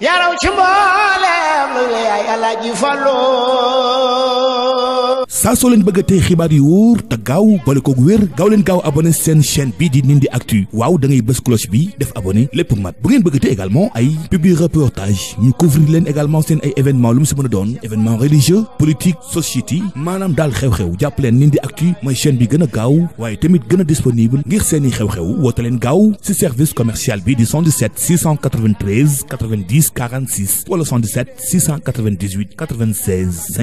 yaraw ci mboolem lu yaay Alaaji Fallu sa soo leen bëgg a xibaar yu wóor te gaaw ko koog wér gaaw leen gaaw abonné seen chaîne bii di Ndindy Actu waaw da ngay bës cloche bi def abonné lépp mat bu ngeen bëgg a tey également ay publi reportage ñu couvrir leen également seen ay événement lu mu si mën a doon événement religieux politique société maanaam daal xew-xew jàpp leen Ndindy Actu mooy chaîne bi gën a gaaw waaye tamit gën a disponible ngir seeni xew-xew woote leen gaaw si service commercial bi di 77 693 90 46 wala 77 698 96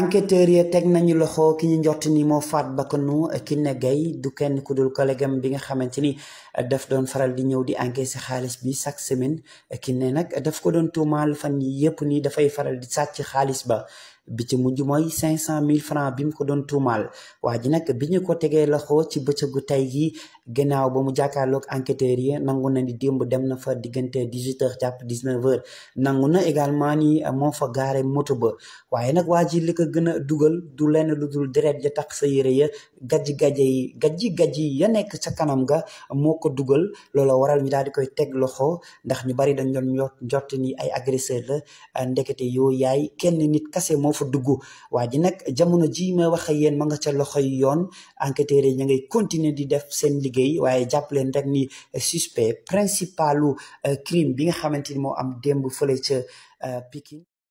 enquêteurs ya teg nañu loxo ki ñu njort ni moo faat bakkanu Kiné Gaye du kenn ku dul collègue bi nga xamante ni daf doon faral di ñëw di encaisser xaalis bi chaque semaine ne nag daf ko doon tuumaal fan yi yëpp ni dafay faral di sàcc xaalis ba bi ci mujj mooy cinq cent mille francs bi mu ko doon tuumaal waa ji nag bi ñu ko tegee loxo ci bëccëgu tey gi gannaaw ba mu jàkkaarloog enquêteurs yi nangu na ni démb dem na fa diggante dix-huit heures jàpp dix-neuf nangu na également ni moo fa gaare moto ba waaye nag waa ji li ko gën a dugal du lenn lu dul deret ja tax sa yére ya gajji gajje yi gajji gajji ya nekk sa kanam ga moo ko dugal loola waral ñu daal di koy teg loxo ndax ñu bari dañ doon njort ni ay agresseur la yoo yaay fa dugg waa ji nag jamono ji ma wax ak yéen ma nga ca loxoy yoon enquêteurs yi ña ngay continuer di def seen liggéey waaye jàpp leen rek ni suspect principalu euh, crime bi nga xamante ni moo am démb fële ca euh, pikin